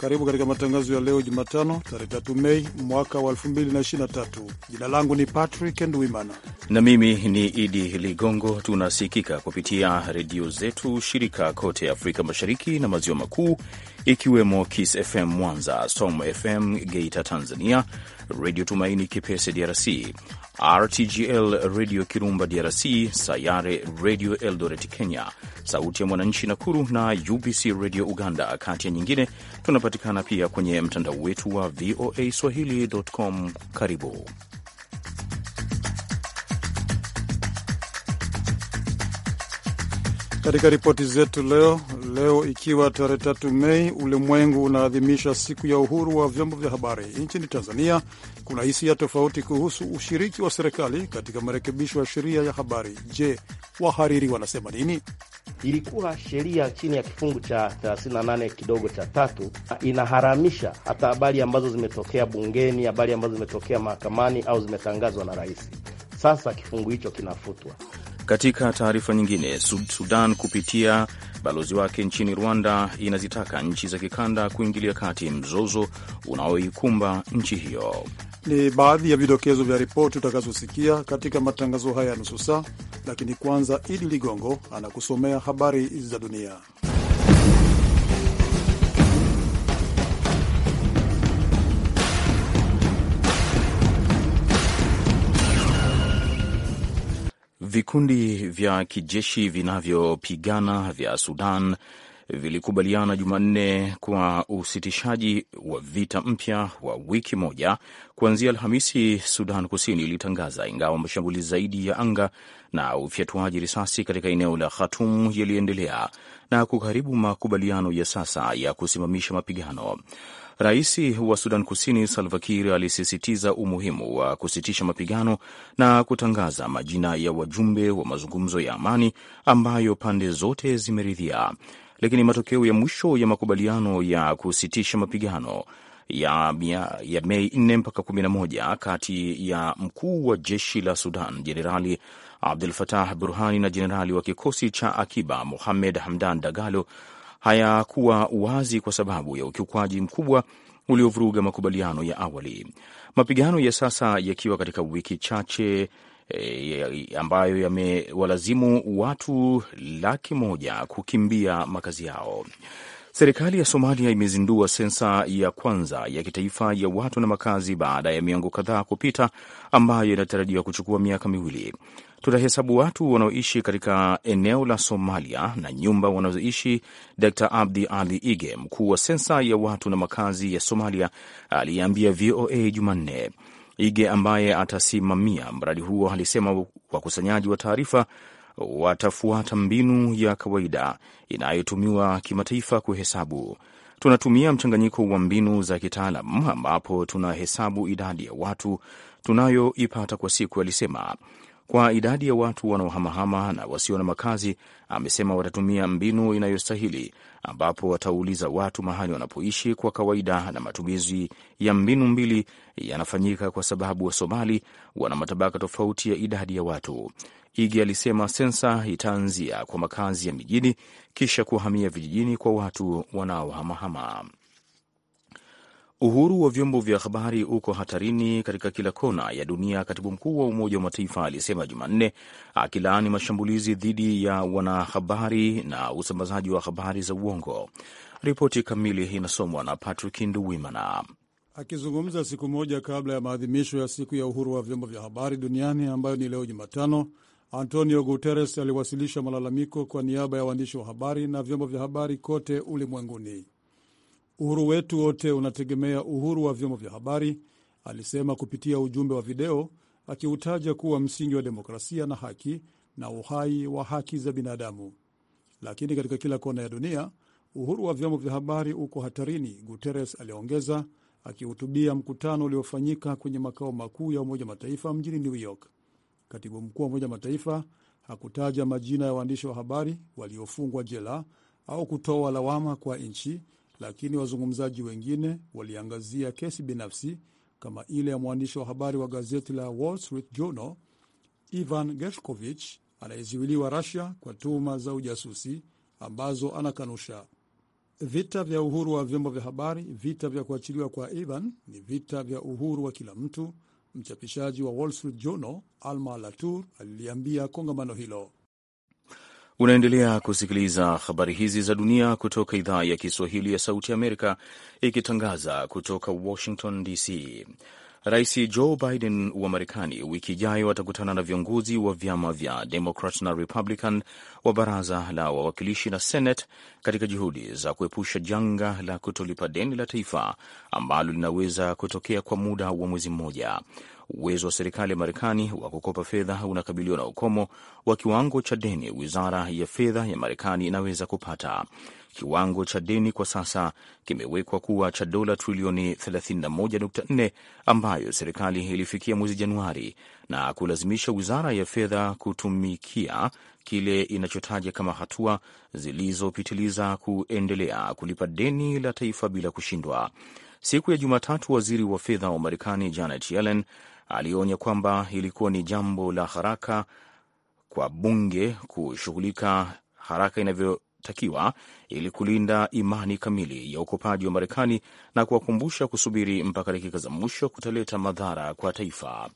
Karibu katika matangazo ya leo Jumatano, tarehe 3 Mei mwaka wa 2023. Jina langu ni Patrick Ndwimana na mimi ni Idi Ligongo. Tunasikika kupitia redio zetu shirika kote Afrika Mashariki na Maziwa Makuu, ikiwemo Kiss FM Mwanza, Som FM Geita Tanzania, Redio Tumaini Kipese DRC, RTGL Redio Kirumba DRC, Sayare Redio Eldoret Kenya, Sauti ya Mwananchi Nakuru na UBC Redio Uganda, kati ya nyingine. Tunapatikana pia kwenye mtandao wetu wa VOA swahili.com. Karibu. Katika ripoti zetu leo leo, ikiwa tarehe tatu Mei, ulimwengu unaadhimisha siku ya uhuru wa vyombo vya habari. Nchini Tanzania kuna hisia tofauti kuhusu ushiriki wa serikali katika marekebisho ya sheria ya habari. Je, wahariri wanasema nini? Ilikuwa sheria chini ya kifungu cha 38 kidogo cha tatu inaharamisha hata habari ambazo zimetokea bungeni, habari ambazo zimetokea mahakamani au zimetangazwa na rais. Sasa kifungu hicho kinafutwa. Katika taarifa nyingine, Sudan kupitia balozi wake nchini Rwanda inazitaka nchi za kikanda kuingilia kati mzozo unaoikumba nchi hiyo. Ni baadhi ya vidokezo vya ripoti utakazosikia katika matangazo haya ya nusu saa, lakini kwanza, Idi Ligongo anakusomea habari za dunia. Vikundi vya kijeshi vinavyopigana vya Sudan vilikubaliana Jumanne kwa usitishaji wa vita mpya wa wiki moja kuanzia Alhamisi, Sudan Kusini ilitangaza, ingawa mashambulizi zaidi ya anga na ufyatuaji risasi katika eneo la Khartoum yaliendelea na kukaribu makubaliano ya sasa ya kusimamisha mapigano. Rais wa Sudan Kusini Salva Kiir alisisitiza umuhimu wa kusitisha mapigano na kutangaza majina ya wajumbe wa mazungumzo ya amani ambayo pande zote zimeridhia, lakini matokeo ya mwisho ya makubaliano ya kusitisha mapigano ya, ya, ya Mei 4 mpaka 11 kati ya mkuu wa jeshi la Sudan Jenerali Abdul Fatah Burhani na jenerali wa kikosi cha akiba Muhamed Hamdan Dagalo hayakuwa wazi kwa sababu ya ukiukwaji mkubwa uliovuruga makubaliano ya awali. Mapigano ya sasa yakiwa katika wiki chache e, ambayo yamewalazimu watu laki moja kukimbia makazi yao. Serikali ya Somalia imezindua sensa ya kwanza ya kitaifa ya watu na makazi baada ya miongo kadhaa kupita, ambayo inatarajiwa kuchukua miaka miwili tutahesabu watu wanaoishi katika eneo la Somalia na nyumba wanazoishi. Dr Abdi Ali Ige, mkuu wa sensa ya watu na makazi ya Somalia, aliyeambia VOA Jumanne. Ige ambaye atasimamia mradi huo alisema wakusanyaji wa taarifa watafuata mbinu ya kawaida inayotumiwa kimataifa kuhesabu. Tunatumia mchanganyiko wa mbinu za kitaalam ambapo tunahesabu idadi ya watu tunayoipata kwa siku, alisema kwa idadi ya watu wanaohamahama na wasio na makazi, amesema watatumia mbinu inayostahili ambapo watauliza watu mahali wanapoishi kwa kawaida, na matumizi ya mbinu mbili yanafanyika kwa sababu Wasomali wana matabaka tofauti ya idadi ya watu. Igi alisema sensa itaanzia kwa makazi ya mijini kisha kuhamia vijijini kwa watu wanaohamahama. Uhuru wa vyombo vya habari uko hatarini katika kila kona ya dunia, katibu mkuu wa Umoja wa Mataifa alisema Jumanne, akilaani mashambulizi dhidi ya wanahabari na usambazaji wa habari za uongo. Ripoti kamili inasomwa na Patrick Nduwimana. Akizungumza siku moja kabla ya maadhimisho ya siku ya uhuru wa vyombo vya habari duniani ambayo ni leo Jumatano, Antonio Guterres aliwasilisha malalamiko kwa niaba ya waandishi wa habari na vyombo vya habari kote ulimwenguni. Uhuru wetu wote unategemea uhuru wa vyombo vya habari, alisema kupitia ujumbe wa video, akiutaja kuwa msingi wa demokrasia na haki na uhai wa haki za binadamu. Lakini katika kila kona ya dunia uhuru wa vyombo vya habari uko hatarini, Guterres aliongeza, akihutubia mkutano uliofanyika kwenye makao makuu ya Umoja Mataifa mjini New York. Katibu mkuu wa Umoja Mataifa hakutaja majina ya waandishi wa habari waliofungwa jela au kutoa lawama kwa nchi lakini wazungumzaji wengine waliangazia kesi binafsi kama ile ya mwandishi wa habari wa gazeti la Wall Street Journal Ivan Gershkovich anayeziwiliwa Rusia kwa tuhuma za ujasusi ambazo anakanusha. Vita vya uhuru wa vyombo vya habari, vita vya kuachiliwa kwa Ivan ni vita vya uhuru wa kila mtu, mchapishaji wa Wall Street Journal Alma Latour aliliambia kongamano hilo. Unaendelea kusikiliza habari hizi za dunia kutoka idhaa ya Kiswahili ya Sauti Amerika, ikitangaza kutoka Washington DC. Rais Joe Biden wa Marekani wiki ijayo atakutana na viongozi wa vyama vya Democrat na Republican wa baraza la wawakilishi na Senate katika juhudi za kuepusha janga la kutolipa deni la taifa ambalo linaweza kutokea kwa muda wa mwezi mmoja. Uwezo wa serikali ya Marekani wa kukopa fedha unakabiliwa na ukomo wa kiwango cha deni wizara ya fedha ya Marekani inaweza kupata kiwango cha deni kwa sasa kimewekwa kuwa cha dola trilioni 31.4 ambayo serikali ilifikia mwezi Januari na kulazimisha wizara ya fedha kutumikia kile inachotaja kama hatua zilizopitiliza kuendelea kulipa deni la taifa bila kushindwa. Siku ya Jumatatu, waziri wa fedha wa Marekani Janet Yellen alionya kwamba ilikuwa ni jambo la haraka kwa bunge kushughulika haraka inavyo takiwa ili kulinda imani kamili ya ukopaji wa Marekani na kuwakumbusha kusubiri mpaka dakika za mwisho kutaleta madhara kwa taifa.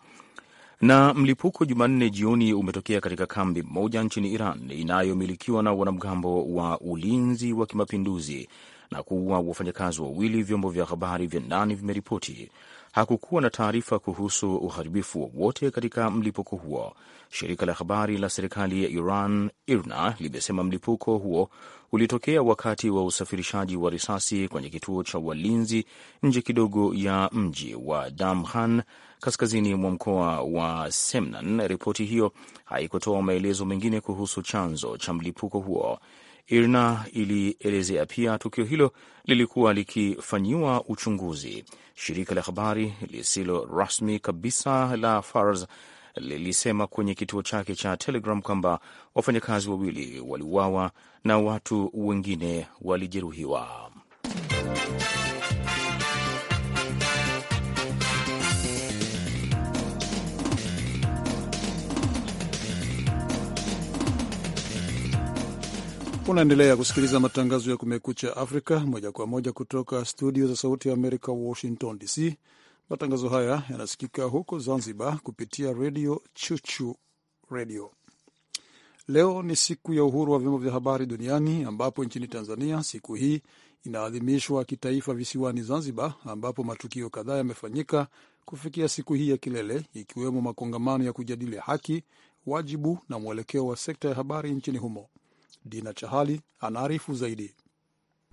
Na mlipuko Jumanne jioni umetokea katika kambi moja nchini Iran inayomilikiwa na wanamgambo wa ulinzi wa kimapinduzi na kuua wafanyakazi wawili, vyombo vya habari vya ndani vimeripoti hakukuwa na taarifa kuhusu uharibifu wowote katika mlipuko huo. Shirika la habari la serikali ya Iran IRNA limesema mlipuko huo ulitokea wakati wa usafirishaji wa risasi kwenye kituo cha walinzi nje kidogo ya mji wa Damhan kaskazini mwa mkoa wa Semnan. Ripoti hiyo haikutoa maelezo mengine kuhusu chanzo cha mlipuko huo. IRNA ilielezea pia tukio hilo lilikuwa likifanyiwa uchunguzi. Shirika la habari lisilo rasmi kabisa la Fars lilisema kwenye kituo chake cha Telegram kwamba wafanyakazi wawili waliuawa na watu wengine walijeruhiwa. Unaendelea kusikiliza matangazo ya Kumekucha Afrika moja kwa moja kutoka studio za Sauti ya Amerika, Washington DC. Matangazo haya yanasikika huko Zanzibar kupitia redio Chuchu Redio. Leo ni siku ya uhuru wa vyombo vya habari duniani, ambapo nchini Tanzania siku hii inaadhimishwa kitaifa visiwani Zanzibar, ambapo matukio kadhaa yamefanyika kufikia siku hii ya kilele, ikiwemo makongamano ya kujadili haki, wajibu na mwelekeo wa sekta ya habari nchini humo. Dina Chahali anaarifu zaidi.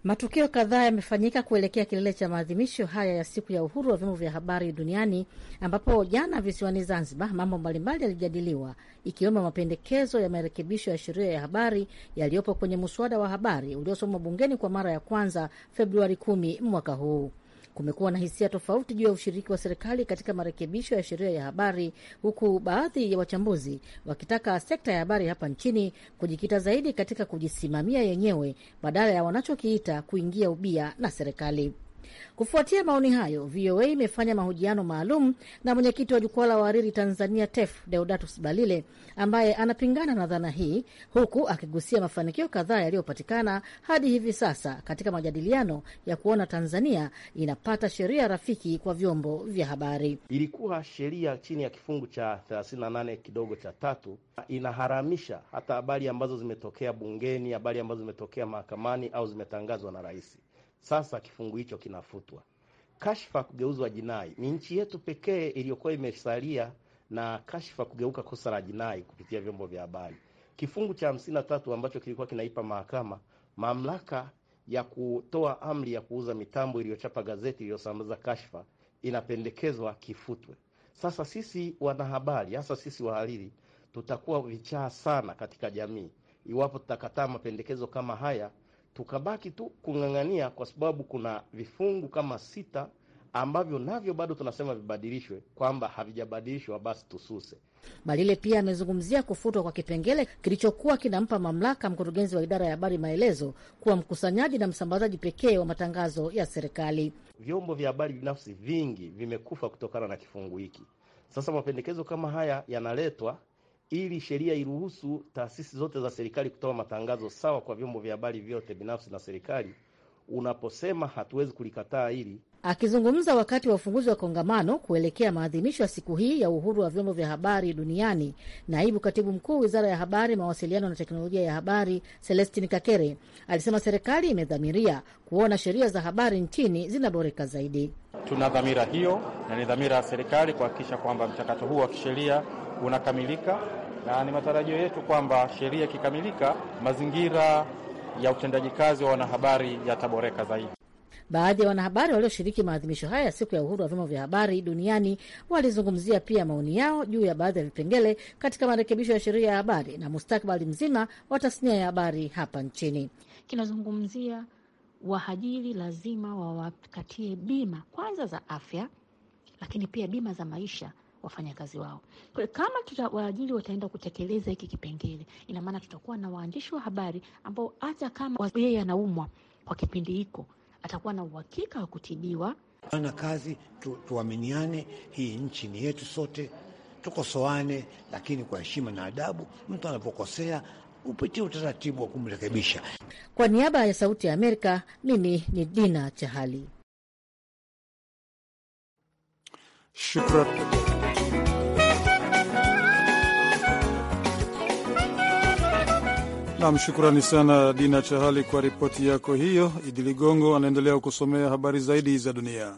Matukio kadhaa yamefanyika kuelekea kilele cha maadhimisho haya ya siku ya uhuru wa vyombo vya habari duniani, ambapo jana visiwani Zanzibar mambo mbalimbali yalijadiliwa ikiwemo mapendekezo ya marekebisho ya sheria ya habari yaliyopo kwenye muswada wa habari uliosomwa bungeni kwa mara ya kwanza Februari kumi mwaka huu. Kumekuwa na hisia tofauti juu ya ushiriki wa serikali katika marekebisho ya sheria ya habari, huku baadhi ya wachambuzi wakitaka sekta ya habari hapa nchini kujikita zaidi katika kujisimamia yenyewe badala ya wanachokiita kuingia ubia na serikali. Kufuatia maoni hayo, VOA imefanya mahojiano maalum na mwenyekiti wa jukwaa la wahariri Tanzania TEF Deodatus Balile ambaye anapingana na dhana hii, huku akigusia mafanikio kadhaa yaliyopatikana hadi hivi sasa katika majadiliano ya kuona Tanzania inapata sheria rafiki kwa vyombo vya habari. Ilikuwa sheria chini ya kifungu cha 38 kidogo cha tatu inaharamisha hata habari ambazo zimetokea bungeni, habari ambazo zimetokea mahakamani au zimetangazwa na rais. Sasa kifungu hicho kinafutwa. Kashfa kugeuzwa jinai, ni nchi yetu pekee iliyokuwa imesalia na kashfa kugeuka kosa la jinai kupitia vyombo vya habari. Kifungu cha hamsini na tatu ambacho kilikuwa kinaipa mahakama mamlaka ya kutoa amri ya kuuza mitambo iliyochapa gazeti iliyosambaza kashfa inapendekezwa kifutwe. Sasa sisi wanahabari, hasa sisi wahariri, tutakuwa vichaa sana katika jamii iwapo tutakataa mapendekezo kama haya tukabaki tu kung'ang'ania, kwa sababu kuna vifungu kama sita ambavyo navyo bado tunasema vibadilishwe, kwamba havijabadilishwa basi tususe. Malile pia amezungumzia kufutwa kwa kipengele kilichokuwa kinampa mamlaka mkurugenzi wa idara ya habari maelezo kuwa mkusanyaji na msambazaji pekee wa matangazo ya serikali. Vyombo vya habari binafsi vingi vimekufa kutokana na kifungu hiki. Sasa mapendekezo kama haya yanaletwa ili sheria iruhusu taasisi zote za serikali kutoa matangazo sawa kwa vyombo vya habari vyote binafsi na serikali. Unaposema hatuwezi kulikataa hili. Akizungumza wakati wa ufunguzi wa kongamano kuelekea maadhimisho ya siku hii ya uhuru wa vyombo vya habari duniani, naibu katibu mkuu wizara ya habari, mawasiliano na teknolojia ya habari Celestin Kakere alisema serikali imedhamiria kuona sheria za habari nchini zinaboreka zaidi. Tuna dhamira hiyo na ni dhamira ya serikali kuhakikisha kwamba mchakato huu wa kisheria unakamilika na ni matarajio yetu kwamba sheria ikikamilika, mazingira ya utendaji kazi wa wanahabari yataboreka zaidi. Baadhi ya wanahabari walioshiriki maadhimisho haya ya siku ya uhuru wa vyombo vya habari duniani walizungumzia pia maoni yao juu ya baadhi ya vipengele katika marekebisho ya sheria ya habari na mustakabali mzima wa tasnia ya habari hapa nchini. Kinazungumzia wahajiri lazima wawakatie bima kwanza za afya, lakini pia bima za maisha wafanyakazi wao. Kwa kama tuta, waajiri wataenda kutekeleza hiki kipengele, ina maana tutakuwa na waandishi wa habari ambao hata kama yeye anaumwa kwa kipindi hiko atakuwa na uhakika wa kutibiwa. Ana kazi tu, tuaminiane. Hii nchi ni yetu sote, tukosoane, lakini kwa heshima na adabu. Mtu anapokosea upitie utaratibu wa kumrekebisha. Kwa niaba ya Sauti ya Amerika, mimi ni Dina Chahali. shukrani. Nam, shukrani sana Dina Chahali kwa ripoti yako hiyo. Idi Ligongo anaendelea kusomea habari zaidi za dunia.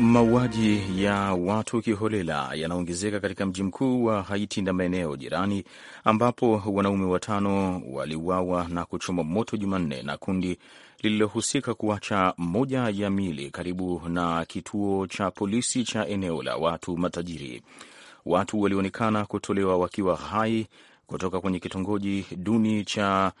Mauaji ya watu kiholela yanaongezeka katika mji mkuu wa Haiti na maeneo jirani, ambapo wanaume watano waliuawa na kuchoma moto Jumanne na kundi lililohusika kuacha moja ya mili karibu na kituo cha polisi cha eneo la watu matajiri. Watu walionekana kutolewa wakiwa hai kutoka kwenye kitongoji duni cha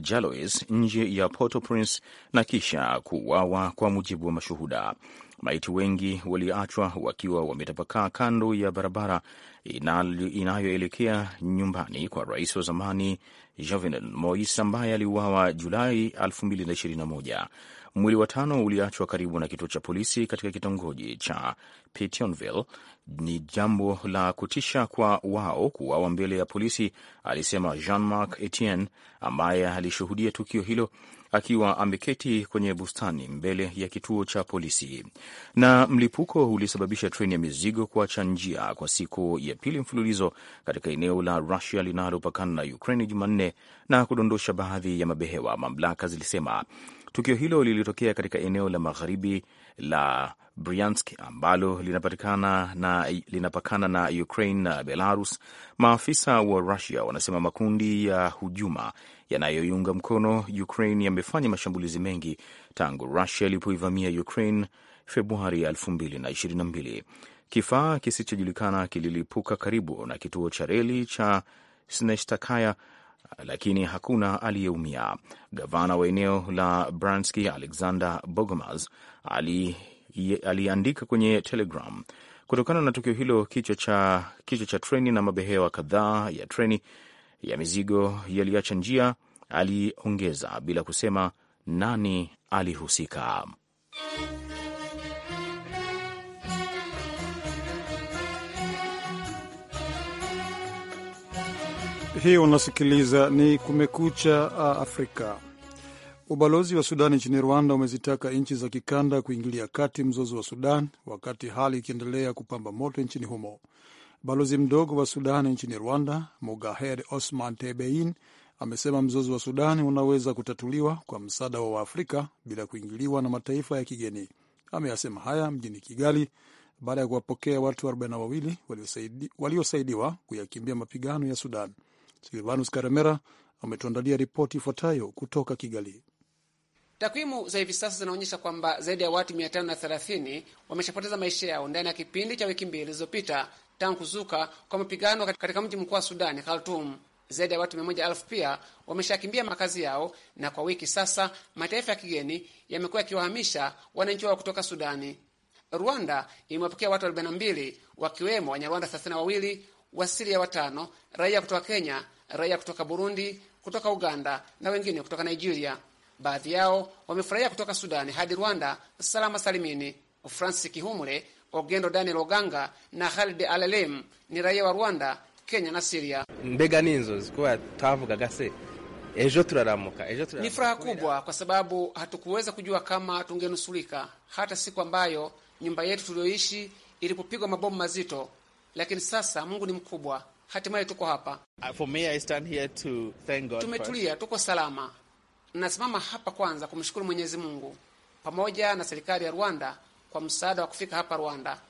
Jalois nje ya Port-au-Prince na kisha kuuawa, kwa mujibu wa mashuhuda maiti wengi waliachwa wakiwa wametapakaa kando ya barabara inayoelekea nyumbani kwa rais wa zamani Jovenel Mois ambaye aliuawa Julai 2021. Mwili wa tano uliachwa karibu na kituo cha polisi katika kitongoji cha Petionville. Ni jambo la kutisha kwa wao kuuawa mbele ya polisi, alisema Jean Marc Etienne ambaye alishuhudia tukio hilo akiwa ameketi kwenye bustani mbele ya kituo cha polisi. Na mlipuko ulisababisha treni ya mizigo kuacha njia kwa siku ya pili mfululizo katika eneo la Rusia linalopakana na Ukraini Jumanne, na kudondosha baadhi ya mabehewa, mamlaka zilisema. Tukio hilo lilitokea katika eneo la magharibi la Bryansk ambalo linapatikana na linapakana na Ukraine na Belarus. Maafisa wa Russia wanasema makundi ya hujuma yanayoiunga mkono Ukraine yamefanya mashambulizi mengi tangu Russia ilipoivamia Ukraine Februari 2022. Kifaa kisichojulikana kililipuka karibu na kituo cha reli cha Snestakaya lakini hakuna aliyeumia. Gavana wa eneo la Branski Alexander Bogomaz aliandika ali kwenye Telegram kutokana na tukio hilo, kichwa cha, kichwa cha treni na mabehewa kadhaa ya treni ya mizigo yaliacha njia. Aliongeza bila kusema nani alihusika. Hii unasikiliza ni Kumekucha Afrika. Ubalozi wa Sudan nchini Rwanda umezitaka nchi za kikanda kuingilia kati mzozo wa Sudan wakati hali ikiendelea kupamba moto nchini humo. Balozi mdogo wa Sudan nchini Rwanda, Mugahed Osman Tebein, amesema mzozo wa Sudan unaweza kutatuliwa kwa msaada wa Waafrika bila kuingiliwa na mataifa ya kigeni. Ameyasema haya mjini Kigali baada ya kuwapokea watu 42 waliosaidiwa kuyakimbia mapigano ya Sudan. Silvanus Karemera ametuandalia ripoti ifuatayo kutoka Kigali. Takwimu za hivi sasa zinaonyesha kwamba zaidi ya watu 530 wameshapoteza maisha yao ndani ya kipindi cha wiki mbili zilizopita tangu kuzuka kwa mapigano katika mji mkuu wa Sudani, Khartum. Zaidi ya watu 100,000 pia wameshakimbia makazi yao, na kwa wiki sasa mataifa ya kigeni yamekuwa yakiwahamisha wananchi wao kutoka Sudani. Rwanda imewapokea watu 42 wakiwemo Wanyarwanda 32 wa Siria watano, raia kutoka Kenya, raia kutoka Burundi, kutoka Uganda na wengine kutoka Nigeria. Baadhi yao wamefurahia kutoka Sudani hadi Rwanda salama salimini. Francis Kihumure, Ogendo Daniel Oganga na Khalid Alalem ni raia wa Rwanda, Kenya na Siria. Mbega ninzo zikuwa tavuga gase ejo turaramuka ejo turaramuka. Ni furaha kubwa kwa sababu hatukuweza kujua kama tungenusurika hata siku ambayo nyumba yetu tuliyoishi ilipopigwa mabomu mazito lakini sasa Mungu ni mkubwa, hatimaye tuko hapa. Uh, for me, I stand here to thank God. Tumetulia, tuko salama. Nasimama hapa kwanza kumshukuru Mwenyezi Mungu pamoja na serikali ya Rwanda kwa msaada wa kufika hapa Rwanda.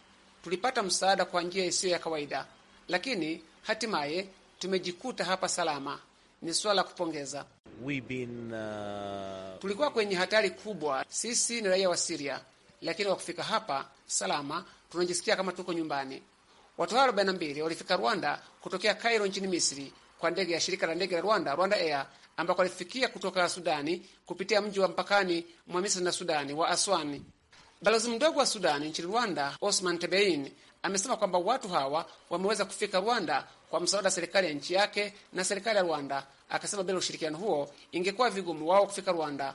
Tulipata msaada kwa njia isiyo ya kawaida, lakini hatimaye tumejikuta hapa salama. Ni swala la kupongeza. Been, uh... tulikuwa kwenye hatari kubwa. Sisi ni raia wa Siria, lakini kwa kufika hapa salama tunajisikia kama tuko nyumbani watu hao 42 walifika Rwanda kutokea Cairo nchini Misri kwa ndege ya shirika la ndege la Rwanda, Rwanda Air, ambako walifikia kutoka Sudani kupitia mji wa mpakani mwa Misri na Sudani wa Aswani. Balozi mdogo wa Sudani nchini Rwanda, Osman Tebein, amesema kwamba watu hawa wameweza kufika Rwanda kwa msaada wa serikali ya nchi yake na serikali ya Rwanda. Akasema bila ushirikiano huo ingekuwa vigumu wao kufika Rwanda.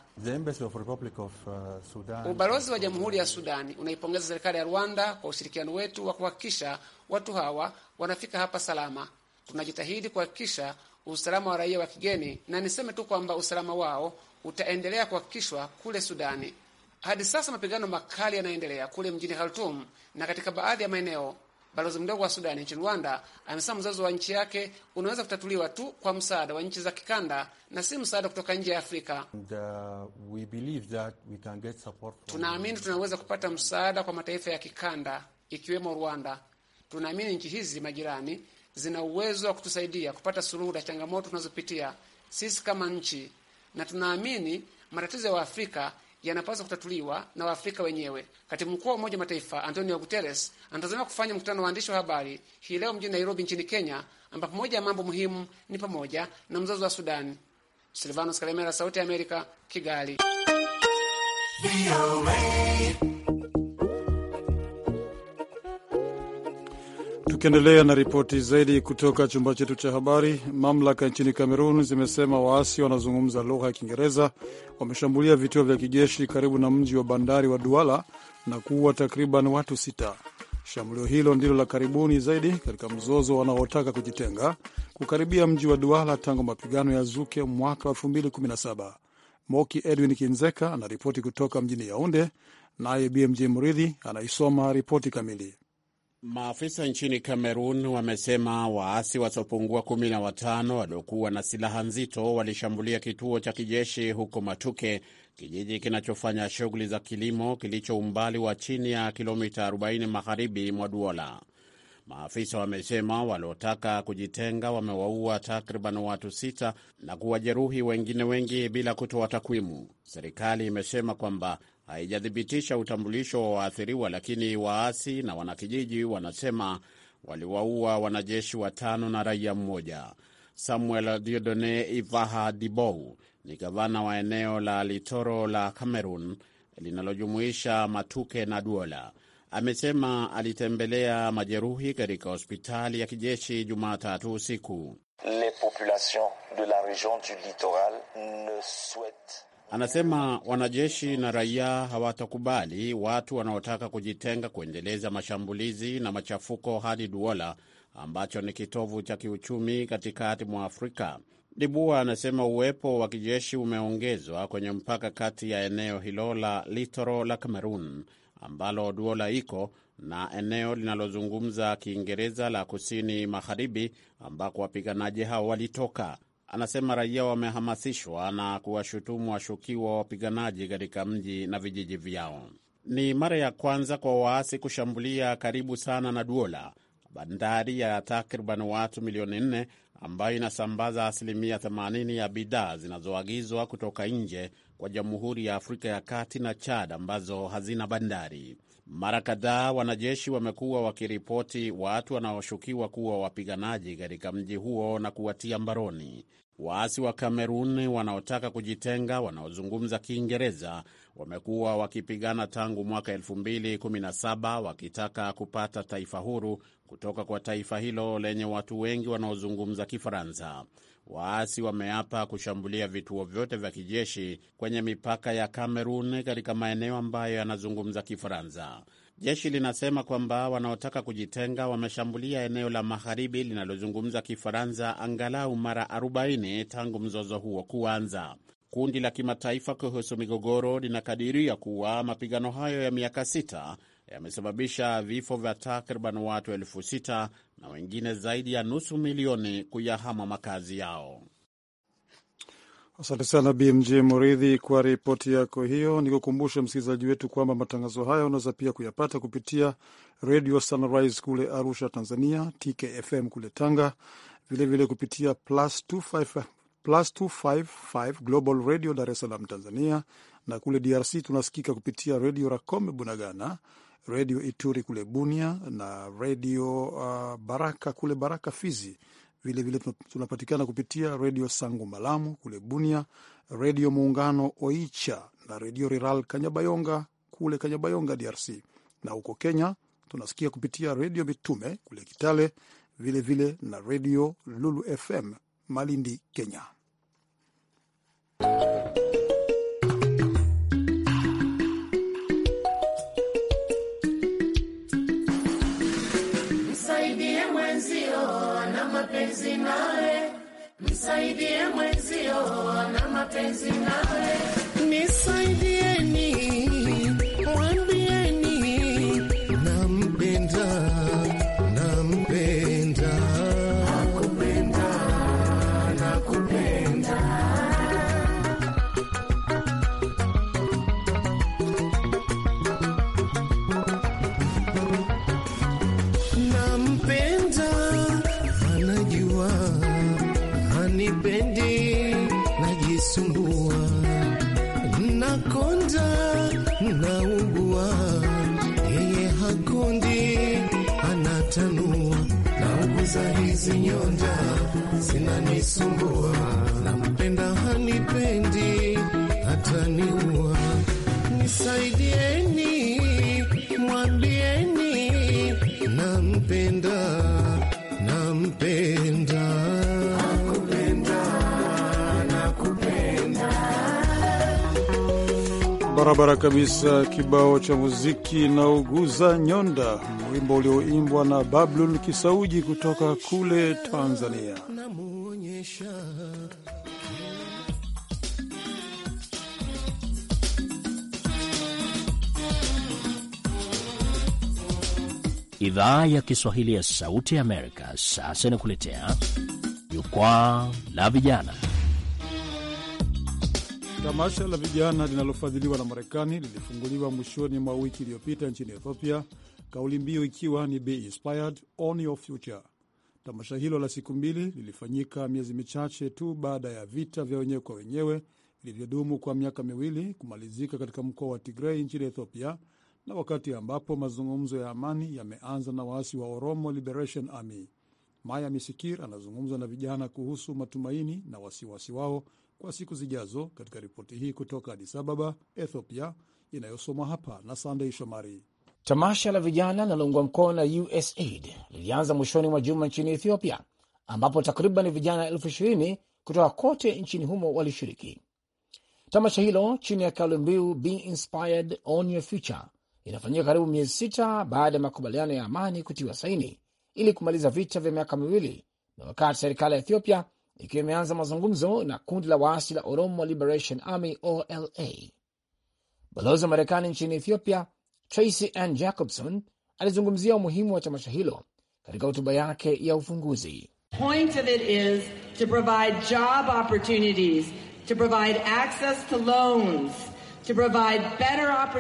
Uh, Ubalozi wa Jamhuri ya Sudani unaipongeza serikali ya Rwanda kwa ushirikiano wetu wa kuhakikisha watu hawa wanafika hapa salama. Tunajitahidi kuhakikisha usalama wa raia wa kigeni, na niseme tu kwamba usalama wao utaendelea kuhakikishwa kule Sudani. Hadi sasa mapigano makali yanaendelea kule mjini Khartoum na katika baadhi ya maeneo Balozi mdogo wa Sudani nchini Rwanda amesema mzozo wa nchi yake unaweza kutatuliwa tu kwa msaada wa nchi za kikanda na si msaada kutoka nje ya Afrika. Uh, tunaamini tunaweza kupata msaada kwa mataifa ya kikanda ikiwemo Rwanda. Tunaamini nchi hizi majirani zina uwezo wa kutusaidia kupata suluhu la changamoto tunazopitia sisi kama nchi, na tunaamini matatizo ya Waafrika yanapaswa kutatuliwa na Waafrika wenyewe. Katibu mkuu wa Umoja wa Mataifa Antonio Guterres anatazamiwa kufanya mkutano wa waandishi wa habari hii leo mjini Nairobi nchini Kenya, ambapo moja ya mambo muhimu ni pamoja na mzozo wa Sudani. Silvanos Kalemera, Sauti ya Amerika, Kigali. Tukiendelea na ripoti zaidi kutoka chumba chetu cha habari, mamlaka nchini Kamerun zimesema waasi wanaozungumza lugha ya Kiingereza wameshambulia vituo vya kijeshi karibu na mji wa bandari wa Duala na kuua takriban watu sita. Shambulio hilo ndilo la karibuni zaidi katika mzozo wanaotaka kujitenga kukaribia mji wa Duala tangu mapigano ya zuke mwaka 2017. Moki Edwin Kinzeka anaripoti kutoka mjini Yaunde, naye BMJ Mridhi anaisoma ripoti kamili. Maafisa nchini Kamerun wamesema waasi wasiopungua kumi na watano waliokuwa na silaha nzito walishambulia kituo cha kijeshi huko Matuke, kijiji kinachofanya shughuli za kilimo kilicho umbali wa chini ya kilomita 40 magharibi mwa Duola. Maafisa wamesema waliotaka kujitenga wamewaua takriban watu sita na kuwajeruhi wengine wengi bila kutoa takwimu. Serikali imesema kwamba haijathibitisha utambulisho wa waathiriwa, lakini waasi na wanakijiji wanasema waliwaua wanajeshi watano na raia mmoja. Samuel Diodone Ivaha Dibou ni gavana wa eneo la Litoro la Cameroon linalojumuisha Matuke na Duola. Amesema alitembelea majeruhi katika hospitali ya kijeshi Jumatatu usiku. Les populations de la region du littoral ne souhaitent Anasema wanajeshi na raia hawatakubali watu wanaotaka kujitenga kuendeleza mashambulizi na machafuko hadi Duola ambacho ni kitovu cha kiuchumi katikati mwa Afrika. Dibua anasema uwepo wa kijeshi umeongezwa kwenye mpaka kati ya eneo hilo la litoro la cameroon ambalo Duola iko na eneo linalozungumza Kiingereza la kusini magharibi ambako wapiganaji hao walitoka. Anasema raia wamehamasishwa na kuwashutumu washukiwa wapiganaji katika mji na vijiji vyao. Ni mara ya kwanza kwa waasi kushambulia karibu sana na Duola, bandari ya takriban watu milioni nne ambayo inasambaza asilimia 80 ya bidhaa zinazoagizwa kutoka nje kwa Jamhuri ya Afrika ya Kati na Chad ambazo hazina bandari. Mara kadhaa wanajeshi wamekuwa wakiripoti watu wanaoshukiwa kuwa wapiganaji katika mji huo na kuwatia mbaroni. Waasi wa Kameruni wanaotaka kujitenga wanaozungumza Kiingereza wamekuwa wakipigana tangu mwaka 2017 wakitaka kupata taifa huru kutoka kwa taifa hilo lenye watu wengi wanaozungumza Kifaransa waasi wameapa kushambulia vituo vyote vya kijeshi kwenye mipaka ya Kamerun katika maeneo ambayo yanazungumza Kifaransa. Jeshi linasema kwamba wanaotaka kujitenga wameshambulia eneo la magharibi linalozungumza Kifaransa angalau mara 40 tangu mzozo huo kuanza. Kundi la kimataifa kuhusu migogoro linakadiria kuwa mapigano hayo ya miaka sita yamesababisha vifo vya takriban watu elfu sita na wengine zaidi ya nusu milioni kuyahama makazi yao. Asante sana BMJ Muridhi kwa ripoti yako hiyo. ni kukumbusha msikilizaji wetu kwamba matangazo haya unaweza pia kuyapata kupitia Radio Sunrise kule Arusha, Tanzania, TKFM kule Tanga, vilevile vile kupitia plus 25, plus 255 Global Radio Dar es Salaam, Tanzania, na kule DRC tunasikika kupitia Radio Racome Bunagana redio Ituri kule Bunia na redio uh, Baraka kule Baraka Fizi. Vilevile vile tunapatikana kupitia redio Sangu Malamu kule Bunia, redio Muungano Oicha na redio riral Kanyabayonga kule Kanyabayonga DRC, na huko Kenya tunasikia kupitia redio Mitume kule Kitale vilevile vile, na redio Lulu FM Malindi, Kenya. mapenzi nawe, msaidie mwenzio ana mapenzi nawe kunisumbua, nampenda hanipendi hata niua. Nisaidieni, mwambieni nampenda, nampenda barabara kabisa. Kibao cha muziki nauguza nyonda, wimbo ulioimbwa na bablun Kisauji kutoka kule Tanzania maisha. Idhaa ya Kiswahili ya Sauti ya Amerika sasa inakuletea Jukwaa la Vijana. Tamasha la vijana linalofadhiliwa na Marekani lilifunguliwa mwishoni mwa wiki iliyopita nchini Ethiopia, kauli mbiu ikiwa ni Be Inspired, Own Your Future. Tamasha hilo la siku mbili lilifanyika miezi michache tu baada ya vita vya wenyewe kwa wenyewe vilivyodumu kwa miaka miwili kumalizika katika mkoa wa Tigrei nchini Ethiopia, na wakati ambapo mazungumzo ya amani yameanza na waasi wa Oromo Liberation Army. Maya Misikir anazungumza na vijana kuhusu matumaini na wasiwasi wao kwa siku zijazo katika ripoti hii kutoka Adis Ababa, Ethiopia, inayosomwa hapa na Sandei Shomari. Tamasha la vijana linaloungwa mkono na USAID lilianza mwishoni mwa juma nchini Ethiopia, ambapo takriban vijana elfu ishirini kutoka kote nchini humo walishiriki. Tamasha hilo chini ya kauli mbiu Be Inspired, Your Future inafanyika karibu miezi sita baada ya makubaliano ya amani kutiwa saini ili kumaliza vita vya miaka miwili na wakati serikali ya Ethiopia ikiwa imeanza mazungumzo na kundi la waasi la Oromo Liberation Army, OLA. Balozi wa Marekani nchini Ethiopia Tracy Ann Jacobson alizungumzia umuhimu wa hilo katika hotuba yake ya ufunguzi. Point of it is to provide job opportunities, to provide access to loans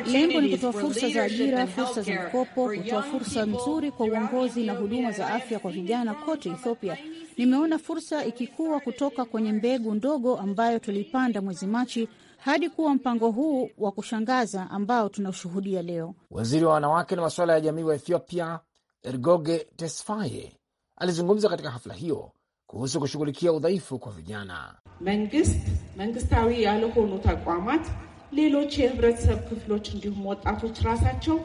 Lengo ni kutoa fursa za ajira, fursa za mikopo, kutoa fursa nzuri kwa uongozi na huduma za afya kwa vijana kote Ethiopia. Nimeona fursa ikikua kutoka kwenye mbegu ndogo ambayo tulipanda mwezi Machi hadi kuwa mpango huu wa kushangaza ambao tunashuhudia leo. Waziri wa wanawake na masuala ya jamii wa Ethiopia, Ergoge Tesfaye, alizungumza katika hafla hiyo kuhusu kushughulikia udhaifu kwa vijana. Mengist, ሌሎች የህብረተሰብ ክፍሎች እንዲሁም ወጣቶች ራሳቸው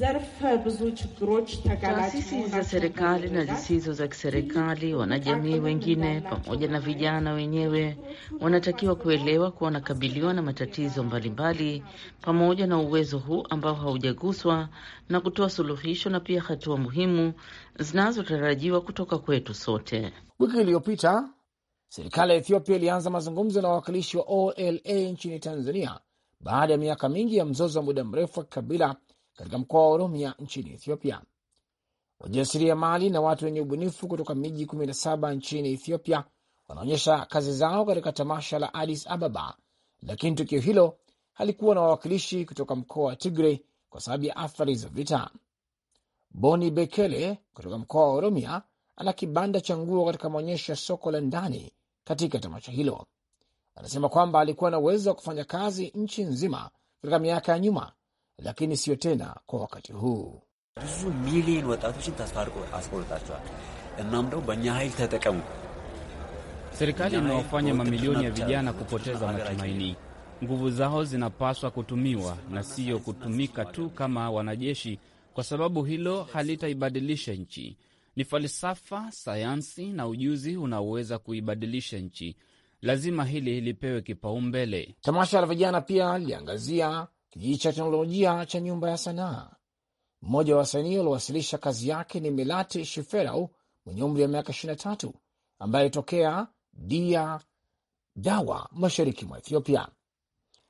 Zarfa ብዙ ችግroች taasisi za serikali na zisizo za kiserikali, wanajamii wengine, pamoja na vijana wenyewe wanatakiwa kuelewa kuwa wanakabiliwa na matatizo mbalimbali pamoja na uwezo huu ambao haujaguswa na kutoa suluhisho na pia hatua muhimu zinazotarajiwa kutoka kwetu sote. Wiki iliyopita serikali ya Ethiopia ilianza mazungumzo na wawakilishi wa OLA nchini Tanzania baada ya miaka mingi ya mzozo wa muda mrefu wa kikabila katika mkoa wa Oromia nchini Ethiopia. Wajasiriamali na watu wenye ubunifu kutoka miji 17 nchini Ethiopia wanaonyesha kazi zao katika tamasha la Addis Ababa, lakini tukio hilo halikuwa na wawakilishi kutoka mkoa wa Tigray kwa sababu ya athari za vita. Boni Bekele kutoka mkoa wa Oromia ana kibanda cha nguo katika maonyesho ya soko la ndani katika tamasha hilo. Anasema kwamba alikuwa na uwezo wa kufanya kazi nchi nzima katika miaka ya nyuma, lakini siyo tena kwa wakati huu. ብዙ ሚሊዮን ወጣቶችን ተስፋ አስቆርጣቸዋል። እናም በእኛ ኃይል ተጠቀሙ። Serikali imewafanya mamilioni ya vijana kupoteza matumaini. Nguvu zao zinapaswa kutumiwa na siyo kutumika tu kama wanajeshi, kwa sababu hilo halitaibadilisha nchi. Ni falsafa, sayansi na ujuzi unaoweza kuibadilisha nchi lazima hili lipewe kipaumbele. Tamasha la vijana pia liliangazia kijiji cha teknolojia cha nyumba ya sanaa. Mmoja wa wasanii waliowasilisha kazi yake ni Milati Shiferau mwenye umri wa miaka 23 ambaye alitokea Dia Dawa, mashariki mwa Ethiopia.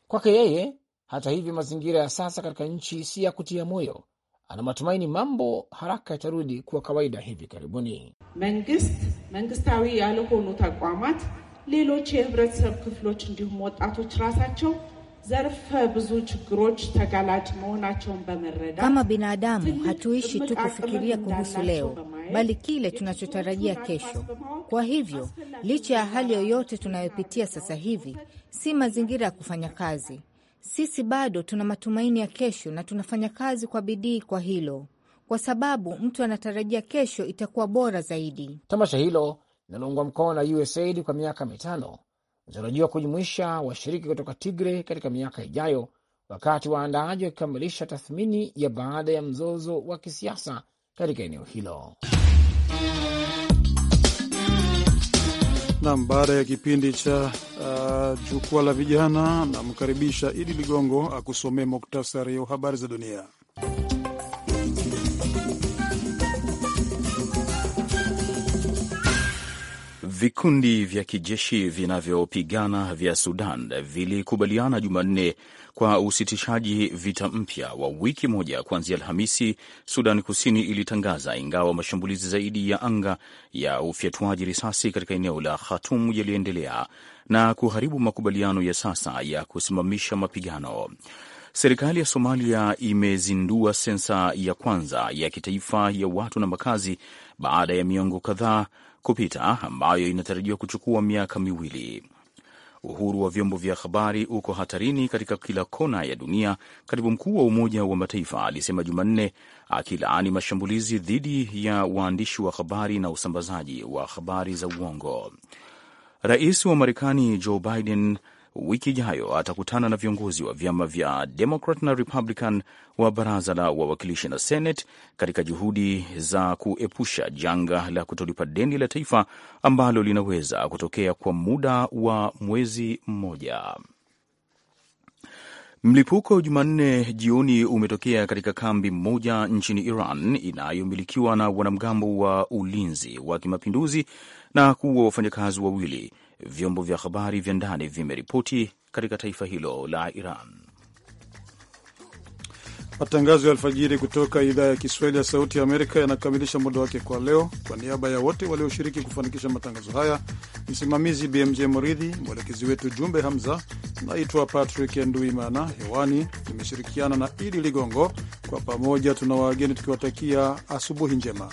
Kwake yeye, hata hivyo, mazingira ya sasa katika nchi si ya kutia moyo. Ana matumaini mambo haraka yatarudi kuwa kawaida hivi karibuni. mengist mengistawi ሌሎች የህብረተሰብ ክፍሎች እንዲሁም ወጣቶች ራሳቸው Kama binadamu hatuishi tu kufikiria kuhusu leo, bali kile tunachotarajia kesho. Kwa hivyo, licha ya hali yoyote tunayopitia sasa hivi, si mazingira ya kufanya kazi. Sisi bado tuna matumaini ya kesho na tunafanya kazi kwa bidii kwa hilo, kwa sababu mtu anatarajia kesho itakuwa bora zaidi. Tamasha hilo linaloungwa mkono na USAID kwa miaka mitano unatarajiwa kujumuisha washiriki kutoka Tigre katika miaka ijayo, wakati waandaaji wakikamilisha tathmini ya baada ya mzozo wa kisiasa katika eneo hilo. Nam, baada ya kipindi cha uh, jukwaa la vijana, namkaribisha Idi Ligongo akusomee muktasari wa habari za dunia. Vikundi vya kijeshi vinavyopigana vya Sudan vilikubaliana Jumanne kwa usitishaji vita mpya wa wiki moja kuanzia Alhamisi, Sudan Kusini ilitangaza, ingawa mashambulizi zaidi ya anga ya ufyatuaji risasi katika eneo la Khatum yaliendelea na kuharibu makubaliano ya sasa ya kusimamisha mapigano. Serikali ya Somalia imezindua sensa ya kwanza ya kitaifa ya watu na makazi baada ya miongo kadhaa kupita ambayo inatarajiwa kuchukua miaka miwili. Uhuru wa vyombo vya habari uko hatarini katika kila kona ya dunia, katibu mkuu wa Umoja wa Mataifa alisema Jumanne, akilaani mashambulizi dhidi ya waandishi wa habari na usambazaji wa habari za uongo. Rais wa Marekani Joe Biden wiki ijayo atakutana na viongozi wa vyama vya Democrat na Republican wa baraza la wawakilishi na Senate katika juhudi za kuepusha janga la kutolipa deni la taifa ambalo linaweza kutokea kwa muda wa mwezi mmoja. Mlipuko Jumanne jioni umetokea katika kambi moja nchini Iran inayomilikiwa na wanamgambo wa ulinzi wa kimapinduzi na kuua wafanyakazi wawili vyombo vya habari vya ndani vimeripoti katika taifa hilo la Iran. Matangazo ya alfajiri kutoka idhaa ya Kiswahili ya Sauti ya Amerika yanakamilisha muda wake kwa leo. Kwa niaba ya wote walioshiriki kufanikisha matangazo haya, msimamizi BMJ Moridhi, mwelekezi wetu Jumbe Hamza, naitwa Patrick Nduimana. Hewani nimeshirikiana na Idi Ligongo. Kwa pamoja tuna wageni tukiwatakia asubuhi njema.